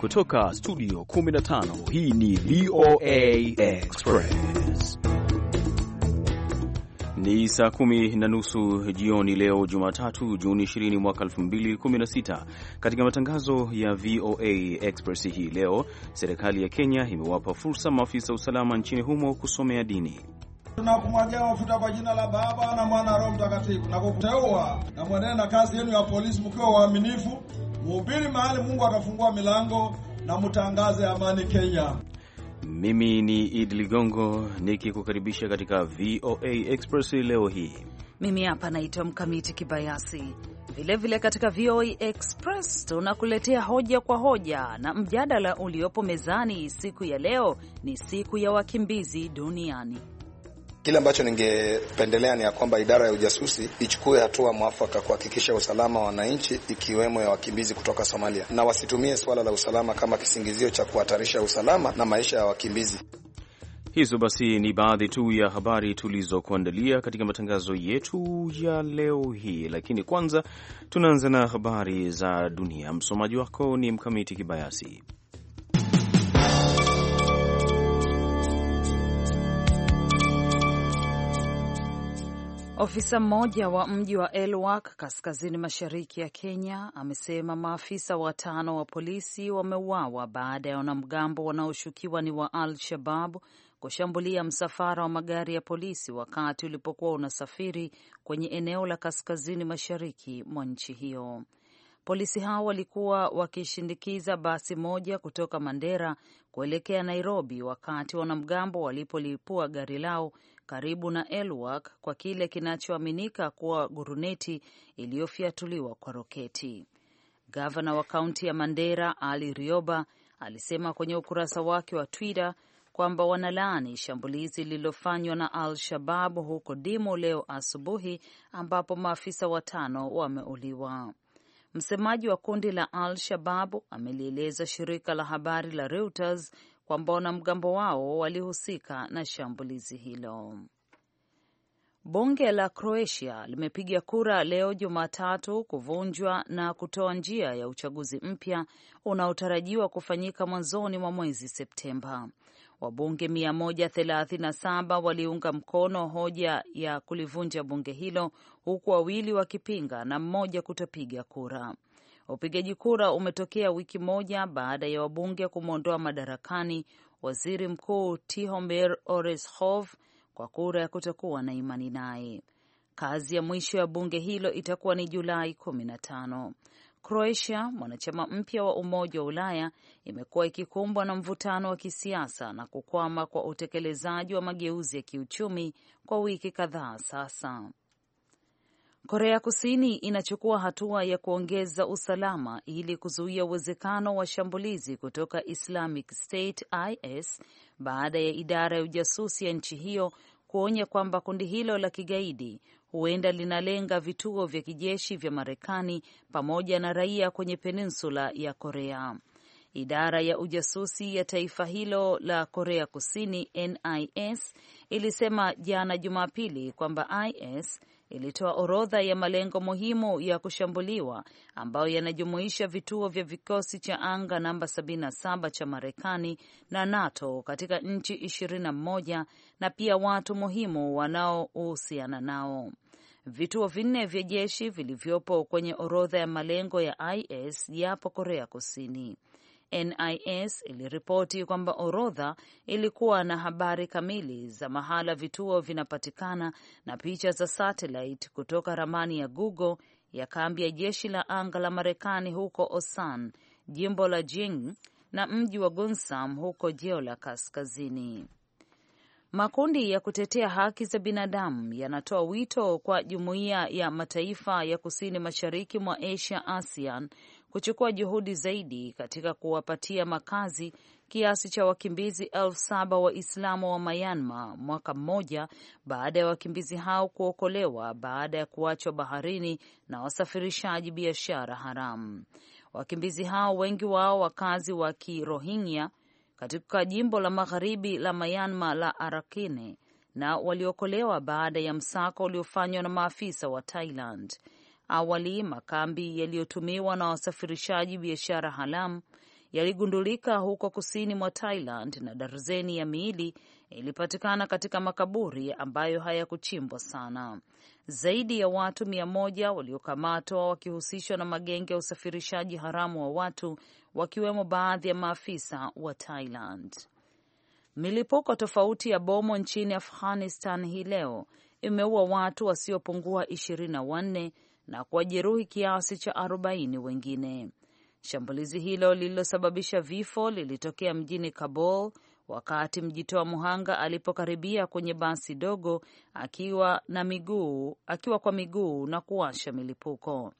Kutoka studio 15 hii ni VOA Express. Ni saa kumi na nusu jioni leo Jumatatu, Juni 20 mwaka 2016. Katika matangazo ya VOA Express hii leo, serikali ya Kenya imewapa fursa maafisa usalama nchini humo kusomea dini. Tunakumwagia mafuta kwa jina la Baba na Mwana Roho Mtakatifu na kukuteua na mwenene na kazi yenu ya polisi mkiwa waaminifu Mhubiri mahali Mungu atafungua milango na mtangaze amani Kenya. Mimi ni Idi Ligongo nikikukaribisha katika VOA Express leo hii. Mimi hapa naitwa Mkamiti Kibayasi. Vilevile katika VOA Express tunakuletea hoja kwa hoja, na mjadala uliopo mezani siku ya leo ni siku ya wakimbizi duniani. Kile ambacho ningependelea ni ya kwamba idara ya ujasusi ichukue hatua mwafaka kuhakikisha usalama wa wananchi ikiwemo ya wakimbizi kutoka Somalia, na wasitumie suala la usalama kama kisingizio cha kuhatarisha usalama na maisha ya wakimbizi. Hizo basi ni baadhi tu ya habari tulizokuandalia katika matangazo yetu ya leo hii, lakini kwanza tunaanza na habari za dunia. Msomaji wako ni Mkamiti Kibayasi. Ofisa mmoja wa mji wa Elwak kaskazini mashariki ya Kenya amesema maafisa watano wa polisi wameuawa baada ya wanamgambo wanaoshukiwa ni wa Al Shababu kushambulia msafara wa magari ya polisi wakati ulipokuwa unasafiri kwenye eneo la kaskazini mashariki mwa nchi hiyo. Polisi hao walikuwa wakishindikiza basi moja kutoka Mandera kuelekea Nairobi wakati wanamgambo walipolipua gari lao karibu na Elwak kwa kile kinachoaminika kuwa guruneti iliyofyatuliwa kwa roketi. Gavana wa kaunti ya Mandera Ali Rioba alisema kwenye ukurasa wake wa Twitter kwamba wanalaani shambulizi lililofanywa na Al Shabab huko Dimo leo asubuhi, ambapo maafisa watano wameuliwa. Msemaji wa kundi la Al Shabab amelieleza shirika la habari la Reuters kwamba wanamgambo wao walihusika na shambulizi hilo. Bunge la Croatia limepiga kura leo Jumatatu kuvunjwa na kutoa njia ya uchaguzi mpya unaotarajiwa kufanyika mwanzoni mwa mwezi Septemba. Wabunge 137 waliunga mkono hoja ya kulivunja bunge hilo huku wawili wakipinga na mmoja kutopiga kura. Upigaji kura umetokea wiki moja baada ya wabunge kumwondoa madarakani waziri mkuu Tihomer Oreshov kwa kura ya kutokuwa na imani naye. Kazi ya mwisho ya bunge hilo itakuwa ni Julai kumi na tano. Croatia, mwanachama mpya wa Umoja wa Ulaya, imekuwa ikikumbwa na mvutano wa kisiasa na kukwama kwa utekelezaji wa mageuzi ya kiuchumi kwa wiki kadhaa sasa. Korea Kusini inachukua hatua ya kuongeza usalama ili kuzuia uwezekano wa shambulizi kutoka Islamic State IS baada ya idara ya ujasusi ya nchi hiyo kuonya kwamba kundi hilo la kigaidi huenda linalenga vituo vya kijeshi vya Marekani pamoja na raia kwenye peninsula ya Korea. Idara ya ujasusi ya taifa hilo la Korea Kusini NIS ilisema jana Jumapili kwamba IS ilitoa orodha ya malengo muhimu ya kushambuliwa ambayo yanajumuisha vituo vya vikosi cha anga namba 77 cha Marekani na NATO katika nchi 21 na pia watu muhimu wanaohusiana nao. Vituo vinne vya jeshi vilivyopo kwenye orodha ya malengo ya IS yapo Korea Kusini. NIS iliripoti kwamba orodha ilikuwa na habari kamili za mahala vituo vinapatikana na picha za satellite kutoka ramani ya Google ya kambi ya jeshi la anga la Marekani huko Osan, jimbo la Jing na mji wa Gunsam huko jeo la kaskazini. Makundi ya kutetea haki za binadamu yanatoa wito kwa jumuiya ya mataifa ya kusini mashariki mwa Asia, ASEAN, kuchukua juhudi zaidi katika kuwapatia makazi kiasi cha wakimbizi elfu saba Waislamu wa Myanmar mwaka mmoja baada ya wakimbizi hao kuokolewa baada ya kuachwa baharini na wasafirishaji biashara haramu. Wakimbizi hao wengi wao wakazi wa Kirohingya katika jimbo la magharibi la Myanmar la Arakine na waliokolewa baada ya msako uliofanywa na maafisa wa Thailand. Awali makambi yaliyotumiwa na wasafirishaji biashara haramu yaligundulika huko kusini mwa Thailand na darzeni ya miili ilipatikana katika makaburi ambayo hayakuchimbwa sana. Zaidi ya watu mia moja waliokamatwa wakihusishwa na magenge ya usafirishaji haramu wa watu, wakiwemo baadhi ya maafisa wa Thailand. Milipuko tofauti ya bomo nchini Afghanistan hii leo imeua watu wasiopungua ishirini na wanne na kuwajeruhi kiasi cha 40 wengine. Shambulizi hilo lililosababisha vifo lilitokea mjini Kabul wakati mjitoa muhanga alipokaribia kwenye basi dogo akiwa na miguu, akiwa kwa miguu na kuwasha milipuko.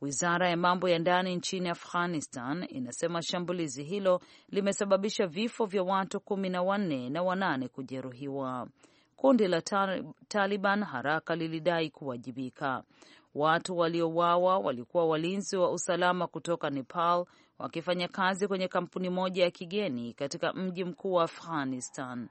Wizara ya mambo ya ndani nchini Afghanistan inasema shambulizi hilo limesababisha vifo vya watu kumi na wanne na wanane kujeruhiwa. Kundi la Taliban haraka lilidai kuwajibika. Watu waliouawa walikuwa walinzi wa usalama kutoka Nepal wakifanya kazi kwenye kampuni moja ya kigeni katika mji mkuu wa Afghanistan.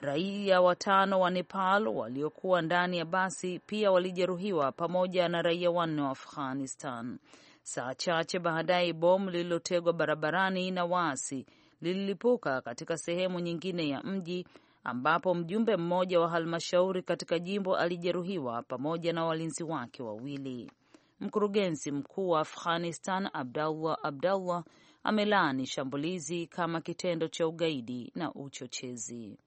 Raia watano wa Nepal waliokuwa ndani ya basi pia walijeruhiwa pamoja na raia wanne wa Afghanistan. Saa chache baadaye, bomu lililotegwa barabarani na waasi lililipuka katika sehemu nyingine ya mji ambapo mjumbe mmoja wa halmashauri katika jimbo alijeruhiwa pamoja na walinzi wake wawili. Mkurugenzi mkuu wa Afghanistan Abdallah Abdallah amelaani shambulizi kama kitendo cha ugaidi na uchochezi.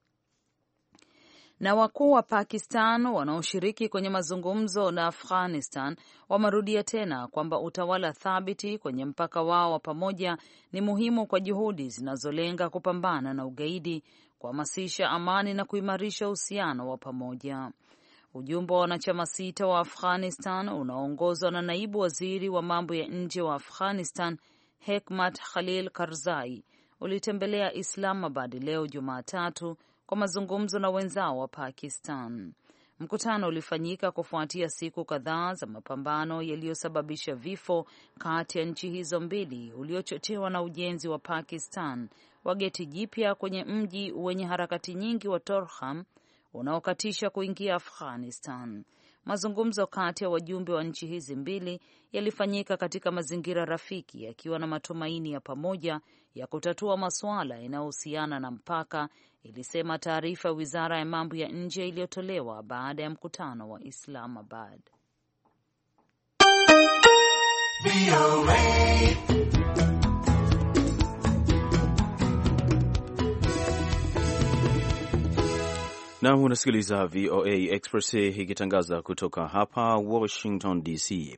Na wakuu wa Pakistan wanaoshiriki kwenye mazungumzo na Afghanistan wamerudia tena kwamba utawala thabiti kwenye mpaka wao wa pamoja ni muhimu kwa juhudi zinazolenga kupambana na ugaidi, kuhamasisha amani na kuimarisha uhusiano wa pamoja. Ujumbe wa wanachama sita wa Afghanistan unaoongozwa na naibu waziri wa mambo ya nje wa Afghanistan Hekmat Khalil Karzai ulitembelea Islamabad leo Jumatatu kwa mazungumzo na wenzao wa Pakistan. Mkutano ulifanyika kufuatia siku kadhaa za mapambano yaliyosababisha vifo kati ya nchi hizo mbili uliochochewa na ujenzi wa Pakistan wa geti jipya kwenye mji wenye harakati nyingi wa torham unaokatisha kuingia Afghanistan. Mazungumzo kati ya wajumbe wa nchi hizi mbili yalifanyika katika mazingira rafiki, yakiwa na matumaini ya pamoja ya kutatua masuala yanayohusiana na mpaka, ilisema taarifa ya wizara ya mambo ya nje iliyotolewa baada ya mkutano wa Islamabad. Nam, unasikiliza VOA Express eh, ikitangaza kutoka hapa Washington DC.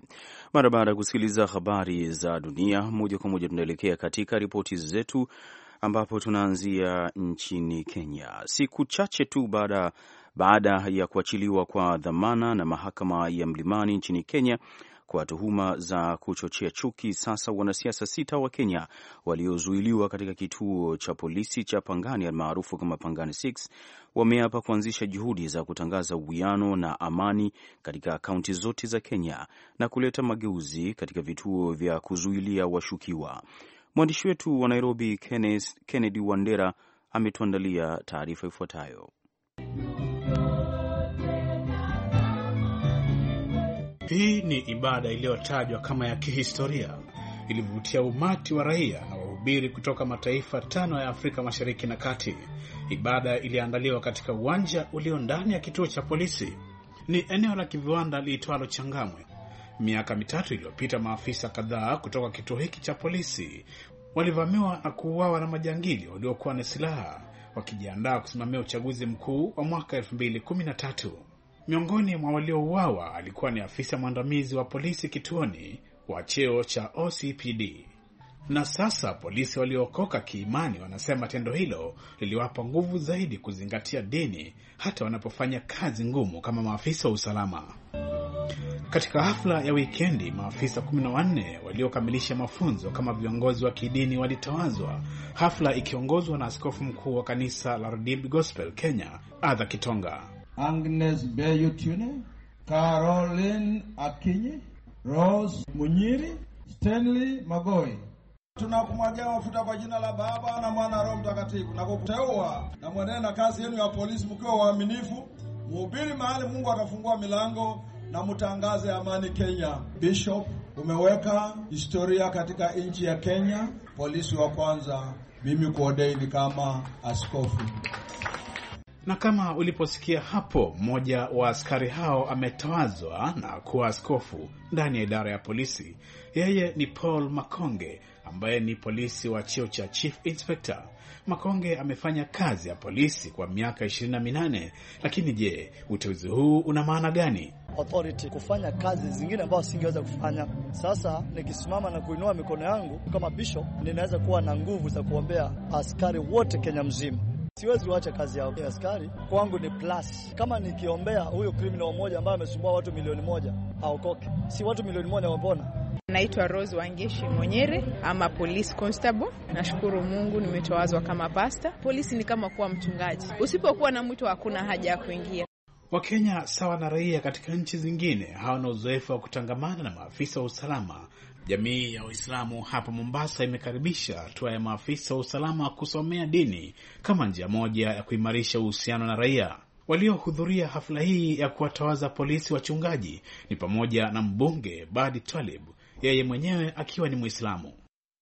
Mara baada ya kusikiliza habari za dunia moja kwa moja, tunaelekea katika ripoti zetu, ambapo tunaanzia nchini Kenya. Siku chache tu baada baada ya kuachiliwa kwa dhamana na mahakama ya Mlimani nchini Kenya kwa tuhuma za kuchochea chuki. Sasa wanasiasa sita wa Kenya waliozuiliwa katika kituo cha polisi cha Pangani almaarufu kama Pangani 6 wameapa kuanzisha juhudi za kutangaza uwiano na amani katika kaunti zote za Kenya na kuleta mageuzi katika vituo vya kuzuilia washukiwa. Mwandishi wetu wa Nairobi Kenneth, Kennedy Wandera ametuandalia taarifa ifuatayo. Hii ni ibada iliyotajwa kama ya kihistoria, ilivutia umati wa raia na wahubiri kutoka mataifa tano ya Afrika Mashariki na Kati. Ibada iliandaliwa katika uwanja ulio ndani ya kituo cha polisi, ni eneo la kiviwanda liitwalo Changamwe. Miaka mitatu iliyopita, maafisa kadhaa kutoka kituo hiki cha polisi walivamiwa na kuuawa na majangili waliokuwa na silaha wakijiandaa kusimamia uchaguzi mkuu wa mwaka 2013. Miongoni mwa waliouawa alikuwa ni afisa mwandamizi wa polisi kituoni wa cheo cha OCPD. Na sasa polisi waliookoka kiimani wanasema tendo hilo liliwapa nguvu zaidi kuzingatia dini hata wanapofanya kazi ngumu kama maafisa wa usalama. Katika hafla ya wikendi, maafisa 14 waliokamilisha mafunzo kama viongozi wa kidini walitawazwa, hafla ikiongozwa na askofu mkuu wa kanisa la Redeemed Gospel Kenya, Arthur Kitonga. Agnes Beyutune, Caroline Akinyi, Rose Munyiri, Stanley Magoi. Tunakumwagia mafuta kwa jina la Baba na Mwana Roho Mtakatifu na kukuteua na mwenene na kazi yenu ya polisi mkiwa waaminifu, mhubiri mahali Mungu atafungua milango na mtangaze amani Kenya. Bishop, umeweka historia katika nchi ya Kenya, polisi wa kwanza. Mimi kuodei ni kama askofu na kama uliposikia hapo, mmoja wa askari hao ametawazwa na kuwa askofu ndani ya idara ya polisi. Yeye ni Paul Makonge ambaye ni polisi wa cheo cha chief inspector. Makonge amefanya kazi ya polisi kwa miaka ishirini na minane. Lakini je, uteuzi huu una maana gani? Authority kufanya kazi zingine ambazo singeweza kufanya. Sasa nikisimama na kuinua mikono yangu kama bishop, ninaweza kuwa na nguvu za kuombea askari wote Kenya mzima Siwezi wacha kazi ya askari, kwangu ni plus. Kama nikiombea huyo criminal mmoja ambaye amesumbua watu milioni moja aokoke, si watu milioni moja wapona. Naitwa Rose Wangeshi Monyere ama police constable. Nashukuru Mungu nimetawazwa kama pasta. Polisi ni kama kuwa mchungaji, usipokuwa na mwito hakuna haja ya kuingia. Wakenya sawa na raia katika nchi zingine hawana uzoefu wa kutangamana na maafisa wa usalama Jamii ya Waislamu hapa Mombasa imekaribisha hatua ya maafisa wa usalama kusomea dini kama njia moja ya kuimarisha uhusiano na raia. Waliohudhuria hafla hii ya kuwatawaza polisi wachungaji ni pamoja na mbunge Badi Twalib, yeye mwenyewe akiwa ni Mwislamu.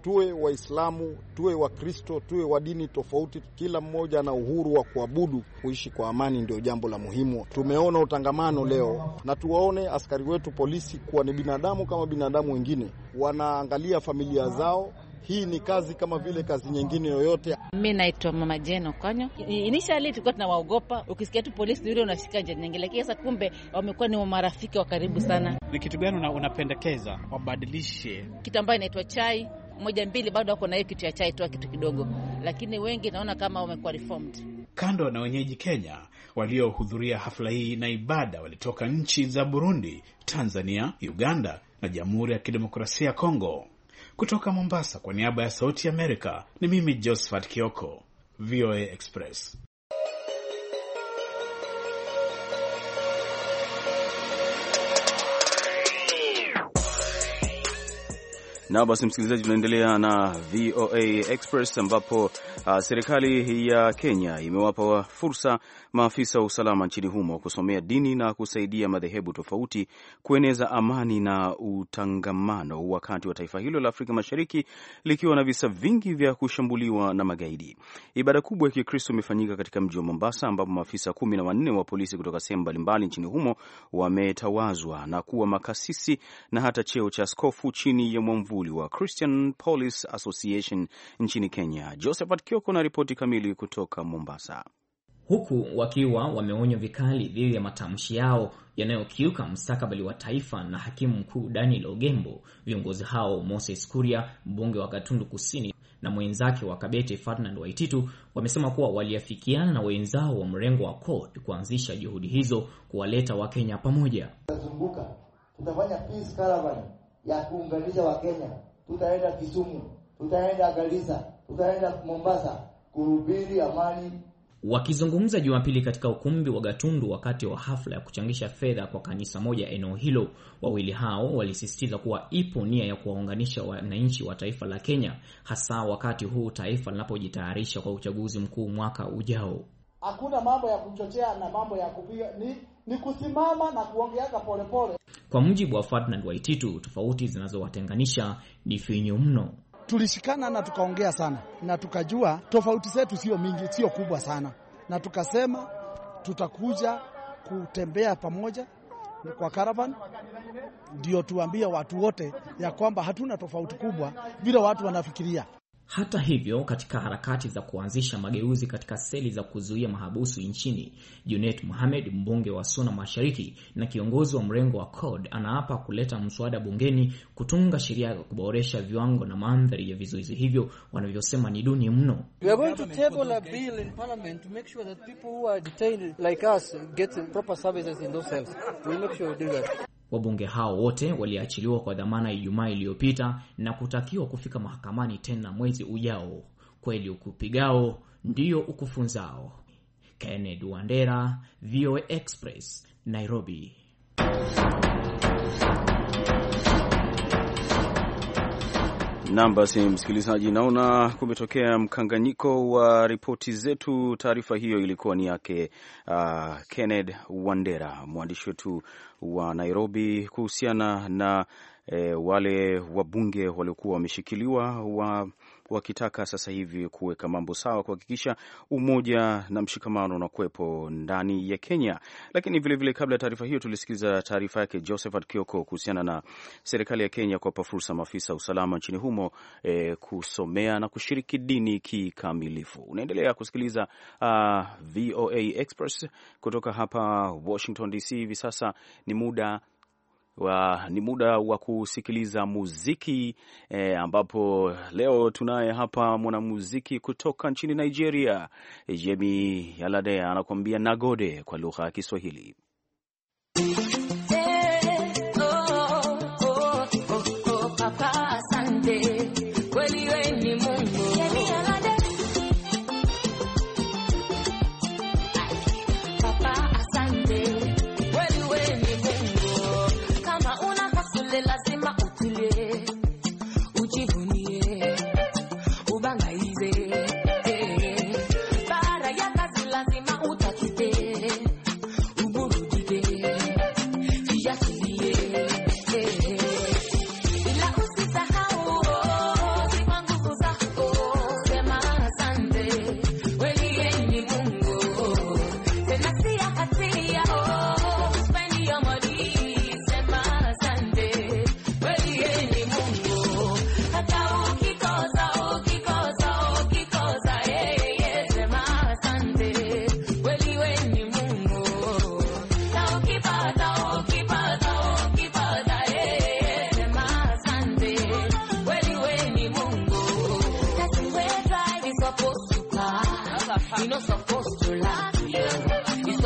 Tuwe Waislamu, tuwe Wakristo, tuwe wa dini tofauti, kila mmoja ana uhuru wa kuabudu. Kuishi kwa amani ndio jambo la muhimu. Tumeona utangamano leo, na tuwaone askari wetu polisi kuwa ni binadamu kama binadamu wengine, wanaangalia familia zao. Hii ni kazi kama vile kazi nyingine yoyote. Mi naitwa Mama Jeno Konyo. Inishali tulikuwa tunawaogopa, ukisikia tu polisi yule unashika nje nyingi, lakini sasa kumbe wamekuwa ni marafiki wa karibu sana. Ni kitu gani unapendekeza wabadilishe? Kitu ambayo inaitwa chai moja mbili bado wako na hiyo kitu ya chai toa kitu kidogo, lakini wengi naona kama wamekuwa reformed. Kando na wenyeji Kenya, waliohudhuria hafla hii na ibada walitoka nchi za Burundi, Tanzania, Uganda na Jamhuri ya Kidemokrasia ya Kongo. Kutoka Mombasa, kwa niaba ya Sauti Amerika, ni mimi Josephat Kioko, VOA Express. Na basi, msikilizaji, tunaendelea na VOA Express ambapo uh, serikali ya Kenya imewapa fursa maafisa wa usalama nchini humo kusomea dini na kusaidia madhehebu tofauti kueneza amani na utangamano, wakati wa taifa hilo la Afrika Mashariki likiwa na visa vingi vya kushambuliwa na magaidi. Ibada kubwa ya Kikristo imefanyika katika mji wa Mombasa, ambapo maafisa kumi na wanne wa polisi kutoka sehemu mbalimbali nchini humo wametawazwa na kuwa makasisi na hata cheo cha askofu chini ya mwamvuli mteuli wa Christian Police Association nchini Kenya. Josephat Kioko na ripoti kamili kutoka Mombasa. Huku wakiwa wameonywa vikali dhidi ya matamshi yao yanayokiuka mstakabali wa taifa na hakimu mkuu Daniel Ogembo, viongozi hao Moses Kuria, mbunge wa Gatundu Kusini, na mwenzake wa Kabete Ferdinand Waititu wamesema kuwa waliafikiana na wenzao wa mrengo wa CORD kuanzisha juhudi hizo kuwaleta Wakenya pamoja. Tutazunguka, tutafanya peace caravan ya kuunganisha Wakenya. Tutaenda Kisumu, tutaenda Garissa, tutaenda Mombasa kuhubiri amani. Wakizungumza Jumapili katika ukumbi wa Gatundu wakati wa hafla ya kuchangisha fedha kwa kanisa moja eneo hilo, wawili hao walisisitiza kuwa ipo nia ya kuwaunganisha wananchi wa taifa la Kenya, hasa wakati huu taifa linapojitayarisha kwa uchaguzi mkuu mwaka ujao. Hakuna mambo ya kuchochea na mambo ya kupiga, ni ni kusimama na kuongeaga polepole. Kwa mujibu wa Ferdinand Waititu, tofauti zinazowatenganisha ni finyu mno. Tulishikana na tukaongea sana na tukajua tofauti zetu sio mingi, sio kubwa sana, na tukasema tutakuja kutembea pamoja kwa caravan ndio tuambie watu wote ya kwamba hatuna tofauti kubwa vile watu wanafikiria. Hata hivyo, katika harakati za kuanzisha mageuzi katika seli za kuzuia mahabusu nchini, Junet Mohamed, mbunge wa Suna Mashariki na kiongozi wa mrengo wa CORD, anaapa kuleta mswada bungeni kutunga sheria ya kuboresha viwango na mandhari ya vizuizi hivyo wanavyosema ni duni mno. Wabunge hao wote waliachiliwa kwa dhamana Ijumaa iliyopita na kutakiwa kufika mahakamani tena mwezi ujao. Kweli ukupigao ndio ukufunzao. Kennedy Wandera, VOA Express, Nairobi. Nam, basi msikilizaji, naona kumetokea mkanganyiko wa ripoti zetu. Taarifa hiyo ilikuwa ni yake uh, Kenneth Wandera, mwandishi wetu wa Nairobi, kuhusiana na e, wale wabunge waliokuwa wameshikiliwa wa wakitaka sasa hivi kuweka mambo sawa, kuhakikisha umoja na mshikamano unakuwepo ndani ya Kenya. Lakini vilevile vile, kabla ya taarifa hiyo, tulisikiliza taarifa yake Josephat Kioko kuhusiana na serikali ya Kenya kuwapa fursa maafisa usalama nchini humo e, kusomea na kushiriki dini kikamilifu. Unaendelea kusikiliza uh, ah, VOA Express kutoka hapa Washington DC. Hivi sasa ni muda wa, ni muda wa kusikiliza muziki e, ambapo leo tunaye hapa mwanamuziki kutoka nchini Nigeria, Yemi Alade anakuambia Nagode kwa lugha ya Kiswahili.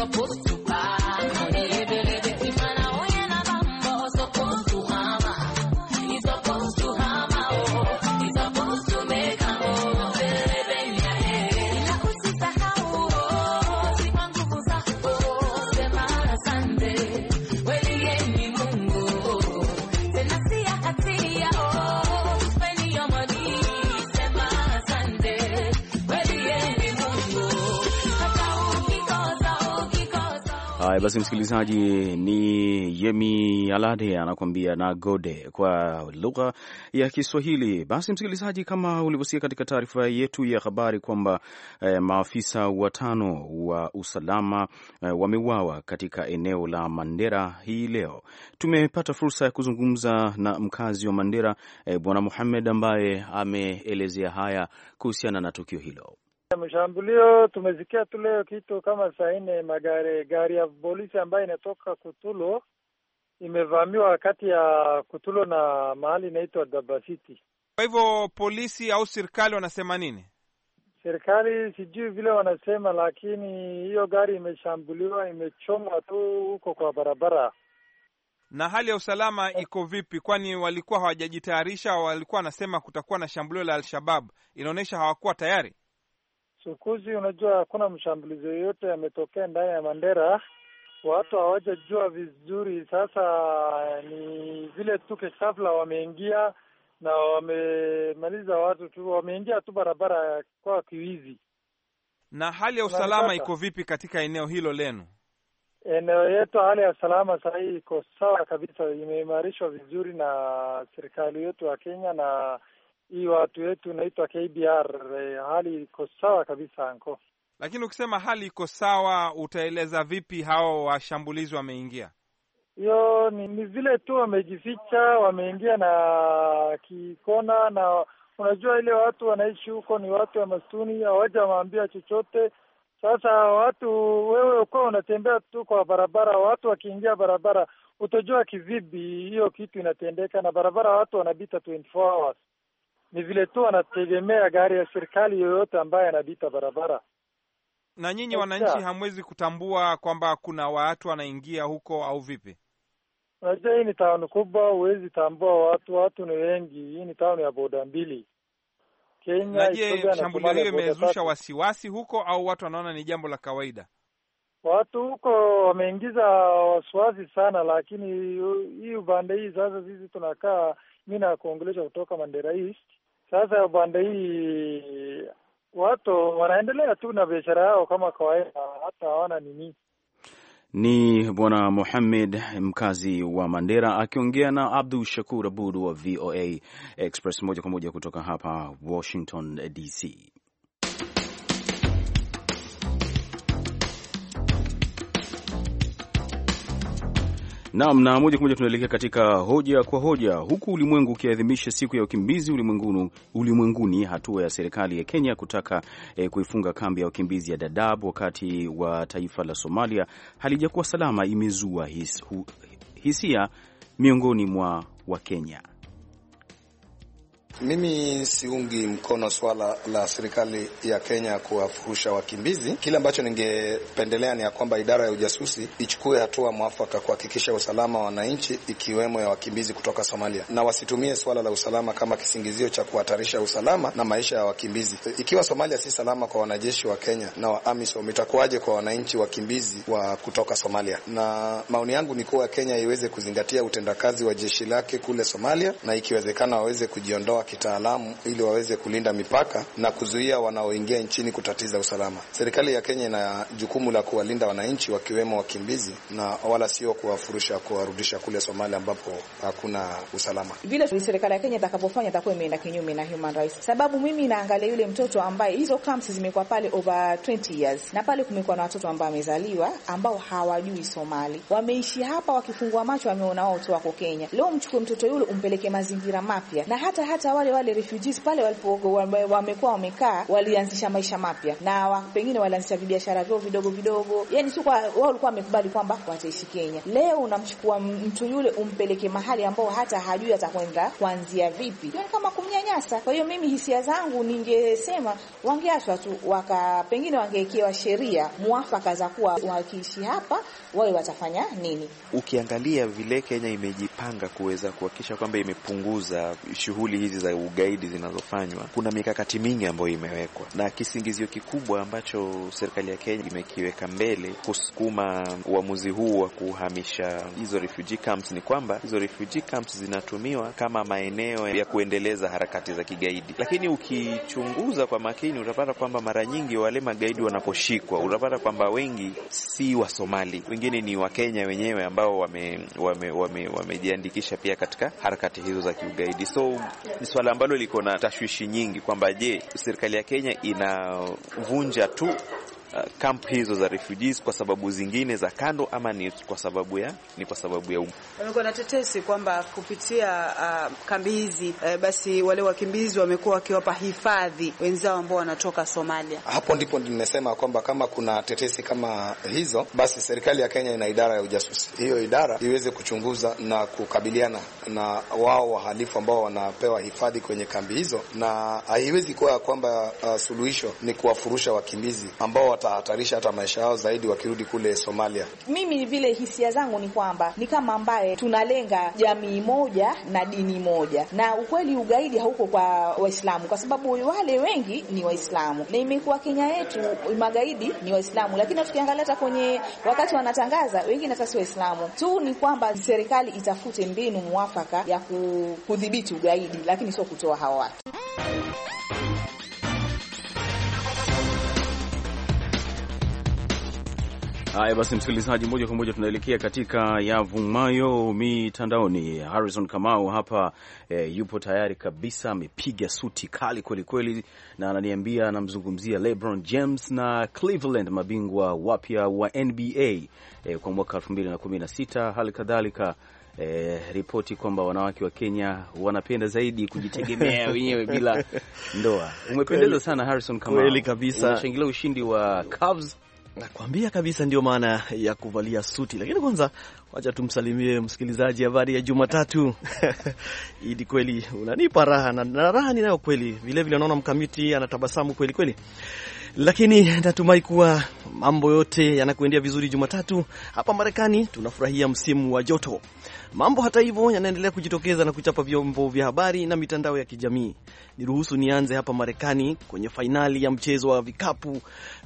a post basi msikilizaji, ni Yemi Alade anakuambia na gode kwa lugha ya Kiswahili. Basi msikilizaji, kama ulivyosikia katika taarifa yetu ya habari kwamba eh, maafisa watano wa usalama eh, wameuawa katika eneo la Mandera hii leo, tumepata fursa ya kuzungumza na mkazi wa Mandera eh, Bwana Muhamed ambaye ameelezea haya kuhusiana na tukio hilo. Mshambulio tumesikia tu leo kitu kama saa nne, magari gari ya polisi ambayo inatoka Kutulo imevamiwa kati ya Kutulo na mahali inaitwa City. Kwa hivyo polisi au serikali wanasema nini? Serikali sijui vile wanasema, lakini hiyo gari imeshambuliwa, imechomwa tu huko kwa barabara. Na hali ya usalama iko vipi? Kwani walikuwa hawajajitayarisha, walikuwa wanasema kutakuwa na shambulio la al inaonyesha hawakuwa tayari siku hizi unajua hakuna mshambulizi yoyote ametokea ndani ya Mandera, watu hawajajua vizuri. Sasa eh, ni vile tu kesafla wameingia na wamemaliza watu tu, wameingia tu barabara kwa kiwizi. Na hali ya usalama iko vipi katika eneo hilo lenu? Eneo yetu hali ya usalama sahii hii iko sawa kabisa, imeimarishwa vizuri na serikali yetu ya Kenya na hii watu wetu inaitwa KBR. E, eh, hali iko sawa kabisa anko. Lakini ukisema hali iko sawa, utaeleza vipi hao washambulizi wameingia? Hiyo ni, ni vile tu wamejificha, wameingia na kikona, na unajua ile watu wanaishi huko ni watu wa masuni, hawaja wamaambia chochote. Sasa watu wewe ukuwa unatembea tu kwa barabara, watu wakiingia barabara utajua kivipi hiyo kitu inatendeka, na barabara watu wanabita 24 hours ni vile tu wanategemea gari ya serikali yoyote ambaye anabita barabara. Na nyinyi wananchi hamwezi kutambua kwamba kuna watu wanaingia huko au vipi? Unajua, hii ni tauni kubwa, huwezi tambua watu, watu ni wengi. Hii ni tauni ya boda mbili Kenya. Na je, shambulio hiyo imezusha wasiwasi huko au watu wanaona ni jambo la kawaida? Watu huko wameingiza wasiwasi sana, lakini hii upande hii sasa, sisi tunakaa, mi nakuongelesha kutoka Mandera East sasa upande hii watu wanaendelea tu na biashara yao kama kawaida, hata hawana nini. Ni Bwana Muhammed, mkazi wa Mandera, akiongea na Abdu Shakur Abud wa VOA Express, moja kwa moja kutoka hapa Washington DC. Naam, na moja kwa moja tunaelekea katika hoja kwa hoja. Huku ulimwengu ukiadhimisha siku ya wakimbizi ulimwenguni, ulimwenguni hatua ya serikali ya Kenya kutaka eh, kuifunga kambi ya wakimbizi ya Dadaab wakati wa taifa la Somalia halijakuwa salama imezua hisia miongoni mwa Wakenya. Mimi siungi mkono swala la serikali ya Kenya kuwafurusha wakimbizi. Kile ambacho ningependelea ni ya kwamba idara ya ujasusi ichukue hatua mwafaka kuhakikisha usalama wa wananchi ikiwemo ya wakimbizi kutoka Somalia, na wasitumie swala la usalama kama kisingizio cha kuhatarisha usalama na maisha ya wakimbizi. Ikiwa Somalia si salama kwa wanajeshi wa Kenya na wa AMISOM, itakuwaje kwa wananchi wakimbizi wa kutoka Somalia? Na maoni yangu ni kuwa Kenya iweze kuzingatia utendakazi wa jeshi lake kule Somalia, na ikiwezekana waweze kujiondoa wa kitaalamu ili waweze kulinda mipaka na kuzuia wanaoingia nchini kutatiza usalama. Serikali ya Kenya ina jukumu la kuwalinda wananchi wakiwemo wakimbizi na wala sio kuwafurusha kuwarudisha kule Somalia ambapo hakuna usalama. Vile serikali ya Kenya itakapofanya itakuwa imeenda kinyume na human rights. Sababu mimi naangalia yule mtoto ambaye hizo camps zimekuwa pale over 20 years na pale kumekuwa na watoto ambao wamezaliwa ambao hawajui Somali. Wameishi hapa wakifungua macho wameona wao tu wako Kenya. Leo mchukue mtoto yule umpeleke mazingira mapya na hata hata wale wale refugees pale walipo wamekuwa wamekaa, walianzisha maisha mapya na wa, pengine walianzisha vibiashara vyao vidogo vidogo, yani sio kwa wao walikuwa wamekubali kwamba wataishi Kenya. Leo unamchukua mtu yule umpeleke mahali ambao hata hajui atakwenda kuanzia vipi, yani kama kumnyanyasa. Kwa hiyo mimi hisia zangu ningesema wangeachwa tu waka, pengine wangewekewa sheria mwafaka za kuwa wakiishi hapa wawe watafanya nini. Ukiangalia vile Kenya imejipanga kuweza kuhakikisha kwamba imepunguza shughuli hizi za ugaidi zinazofanywa, kuna mikakati mingi ambayo imewekwa, na kisingizio kikubwa ambacho serikali ya Kenya imekiweka mbele kusukuma uamuzi huu wa kuhamisha hizo refugee camps ni kwamba hizo refugee camps zinatumiwa kama maeneo ya kuendeleza harakati za kigaidi, lakini ukichunguza kwa makini utapata kwamba mara nyingi wale magaidi wanaposhikwa, utapata kwamba wengi si wa somali wengine ni Wakenya wenyewe ambao wamejiandikisha wame, wame, wame pia katika harakati hizo za kiugaidi. So swala ambalo liko na tashwishi nyingi kwamba je, serikali ya Kenya inavunja tu kamp uh, hizo za refugees kwa sababu zingine za kando, ama ni kwa sababu ya ni kwa sababu ya um. Wamekuwa na tetesi kwamba kupitia uh, kambi hizi uh, basi wale wakimbizi wamekuwa wakiwapa hifadhi wenzao ambao wanatoka Somalia. Hapo ndipo nimesema kwamba kama kuna tetesi kama hizo, basi serikali ya Kenya ina idara ya ujasusi, hiyo idara iweze kuchunguza na kukabiliana na wao wahalifu ambao wanapewa hifadhi kwenye kambi hizo, na haiwezi kuwa kwamba uh, suluhisho ni kuwafurusha wakimbizi ambao watahatarisha hata maisha yao zaidi wakirudi kule Somalia. Mimi vile hisia zangu ni kwamba ni kama ambaye tunalenga jamii moja na dini moja, na ukweli ugaidi hauko kwa Waislamu kwa sababu wale wengi ni Waislamu, na imekuwa Kenya yetu magaidi ni Waislamu, lakini tukiangalia hata kwenye wakati wanatangaza wengi na sasa Waislamu tu. Ni kwamba serikali itafute mbinu mwafaka ya kudhibiti ugaidi, lakini sio kutoa hawa watu. Haya basi, msikilizaji, moja kwa moja tunaelekea katika yavumayo mitandaoni. Harrison Kamau hapa e, yupo tayari kabisa, amepiga suti kali kwelikweli, na ananiambia anamzungumzia LeBron James na Cleveland, mabingwa wapya wa NBA e, eh, kwa mwaka 2016 hali kadhalika E, ripoti kwamba wanawake wa Kenya wanapenda zaidi kujitegemea wenyewe bila ndoa. Umependeza sana Harrison Kamau, kweli kabisa. Unashangilia ushindi wa Cavs Nakwambia kabisa, ndio maana ya kuvalia suti. Lakini kwanza, wacha tumsalimie msikilizaji. Habari ya, Jumatatu Idi, kweli unanipa raha na, raha ninayo kweli vilevile. anaona mkamiti anatabasamu kweli kweli. Lakini natumai kuwa mambo yote yanakuendea vizuri Jumatatu hapa Marekani. Tunafurahia msimu wa joto. Mambo hata hivyo yanaendelea kujitokeza na kuchapa vyombo vya habari na mitandao ya kijamii. Niruhusu nianze hapa Marekani kwenye fainali ya mchezo wa vikapu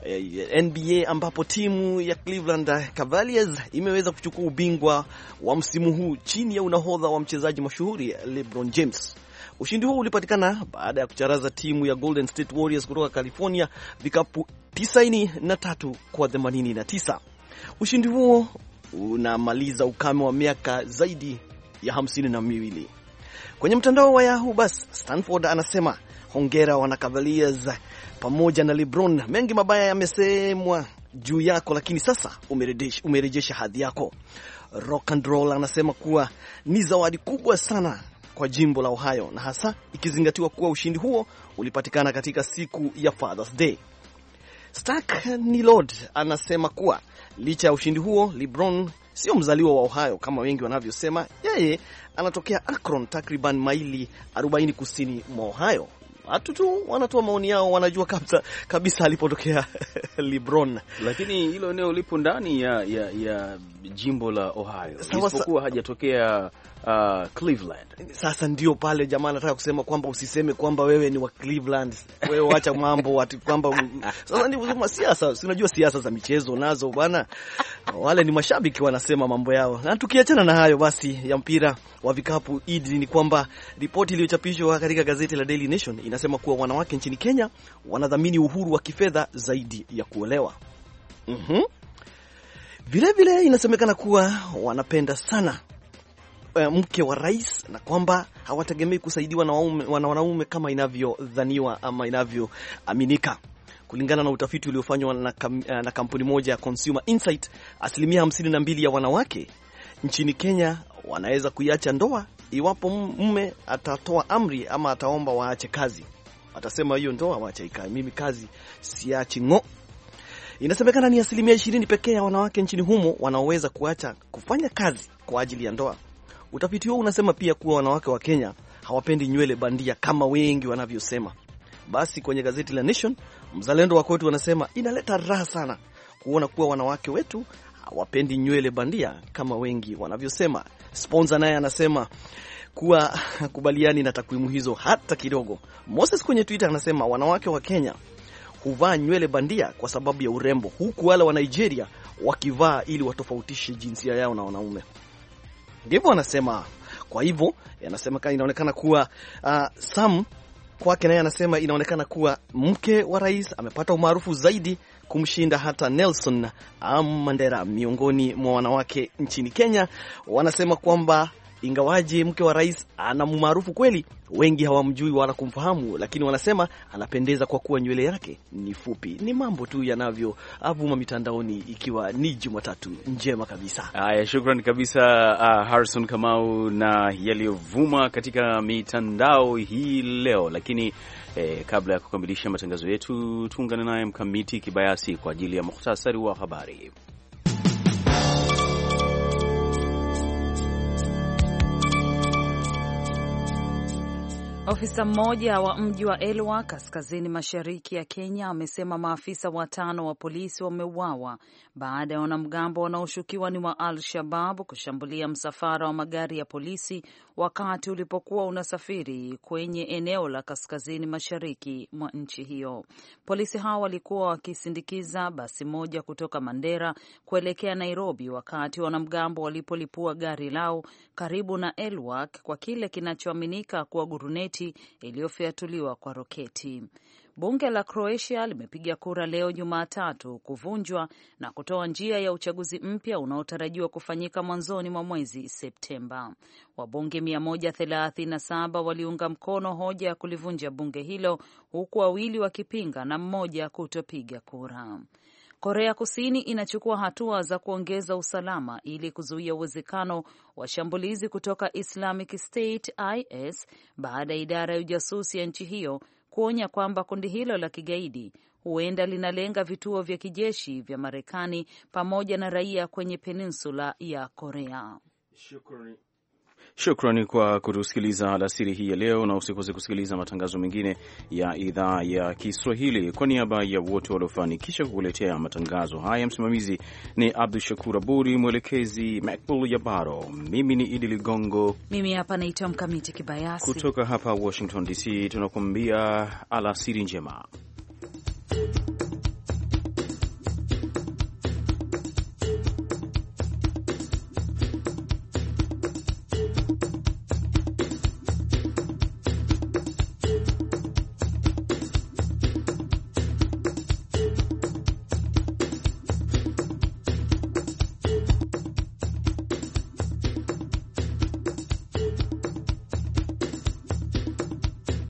eh, NBA ambapo timu ya Cleveland Cavaliers imeweza kuchukua ubingwa wa msimu huu chini ya unahodha wa mchezaji mashuhuri LeBron James. Ushindi huo ulipatikana baada ya kucharaza timu ya Golden State Warriors kutoka California vikapu 93 kwa 89. Ushindi huo unamaliza ukame wa miaka zaidi ya hamsini na miwili. Kwenye mtandao wa Yahoo bas, Stanford anasema hongera wana Cavaliers pamoja na LeBron. Mengi mabaya yamesemwa juu yako, lakini sasa umerejesha, umerejesha hadhi yako. Rock and roll anasema kuwa ni zawadi kubwa sana kwa jimbo la Ohio, na hasa ikizingatiwa kuwa ushindi huo ulipatikana katika siku ya Father's Day. Stark Nilord anasema kuwa licha ya ushindi huo, LeBron sio mzaliwa wa Ohio kama wengi wanavyosema. Yeye anatokea Akron, takriban maili 40 kusini mwa Ohio. Watu tu wanatoa maoni yao, wanajua kabisa, kabisa alipotokea LeBron, lakini hilo eneo lipo ndani ya, ya, ya jimbo la Ohio, isipokuwa hajatokea Uh, Cleveland. Sasa ndio pale jamaa anataka kusema kwamba usiseme kwamba wewe ni wa Cleveland, wewe wacha mambo ati kwamba sasa ndio kusema siasa, si unajua siasa za michezo nazo bwana, wale ni mashabiki wanasema mambo yao. Na tukiachana na hayo basi ya mpira wa vikapu, ID, ni kwamba ripoti iliyochapishwa katika gazeti la Daily Nation inasema kuwa wanawake nchini Kenya wanadhamini uhuru wa kifedha zaidi ya kuolewa. Mhm. Mm, vilevile inasemekana kuwa wanapenda sana Eh, mke wa rais na kwamba hawategemei kusaidiwa na wanaume kama inavyodhaniwa ama inavyoaminika. Kulingana na utafiti uliofanywa na, kam, eh, na kampuni moja ya Consumer Insight, asilimia 52 ya wanawake nchini Kenya wanaweza kuiacha ndoa iwapo mume atatoa amri ama ataomba waache kazi. Atasema hiyo ndoa waache ikae, mimi kazi siachi ng'o. Inasemekana ni asilimia 20 pekee ya wanawake nchini humo wanaoweza kuacha kufanya kazi kwa ajili ya ndoa, Utafiti huo unasema pia kuwa wanawake wa Kenya hawapendi nywele bandia kama wengi wanavyosema. Basi kwenye gazeti la Nation, mzalendo wa kwetu wanasema inaleta raha sana kuona kuwa wanawake wetu hawapendi nywele bandia kama wengi wanavyosema. Sponsa naye anasema kuwa hakubaliani na takwimu hizo hata kidogo. Moses kwenye Twitter anasema wanawake wa Kenya huvaa nywele bandia kwa sababu ya urembo, huku wale wa Nigeria wakivaa ili watofautishe jinsia yao na wanaume ndivyo anasema. Kwa hivyo kama inaonekana kuwa uh, Sam kwake naye anasema inaonekana kuwa mke wa rais amepata umaarufu zaidi kumshinda hata Nelson Mandela miongoni mwa wanawake nchini Kenya. Wanasema kwamba Ingawaje mke wa rais ana umaarufu kweli, wengi hawamjui wala kumfahamu, lakini wanasema anapendeza kwa kuwa nywele yake ni fupi. Ni mambo tu yanavyovuma mitandaoni, ikiwa ni Jumatatu njema kabisa. Haya, shukran kabisa uh, Harrison Kamau na yaliyovuma katika mitandao hii leo. Lakini eh, kabla ya kukamilisha matangazo yetu, tuungane naye Mkamiti Kibayasi kwa ajili ya muhtasari wa habari. Ofisa mmoja wa mji wa Elwa kaskazini mashariki ya Kenya amesema maafisa watano wa polisi wameuawa baada ya wanamgambo wanaoshukiwa ni wa Al Shabab kushambulia msafara wa magari ya polisi wakati ulipokuwa unasafiri kwenye eneo la kaskazini mashariki mwa nchi hiyo. Polisi hao walikuwa wakisindikiza basi moja kutoka Mandera kuelekea Nairobi wakati wanamgambo walipolipua gari lao karibu na Elwak kwa kile kinachoaminika kuwa guruneti roketi iliyofyatuliwa kwa roketi. Bunge la Croatia limepiga kura leo Jumatatu kuvunjwa na kutoa njia ya uchaguzi mpya unaotarajiwa kufanyika mwanzoni mwa mwezi Septemba. Wabunge 137 waliunga mkono hoja ya kulivunja bunge hilo, huku wawili wakipinga na mmoja kutopiga kura. Korea Kusini inachukua hatua za kuongeza usalama ili kuzuia uwezekano wa shambulizi kutoka Islamic State IS baada ya idara ya ujasusi ya nchi hiyo kuonya kwamba kundi hilo la kigaidi huenda linalenga vituo vya kijeshi vya Marekani pamoja na raia kwenye peninsula ya Korea. Shukrani, Shukrani kwa kutusikiliza alasiri hii ya leo, na usikose kusikiliza matangazo mengine ya idhaa ya Kiswahili. Kwa niaba ya wote waliofanikisha kukuletea matangazo haya, msimamizi ni Abdu Shakur Aburi, mwelekezi Macbul Yabaro, mimi ni Idi Ligongo, mimi hapa naitwa Mkamiti Kibayasi, kutoka hapa Washington DC tunakuambia alasiri njema.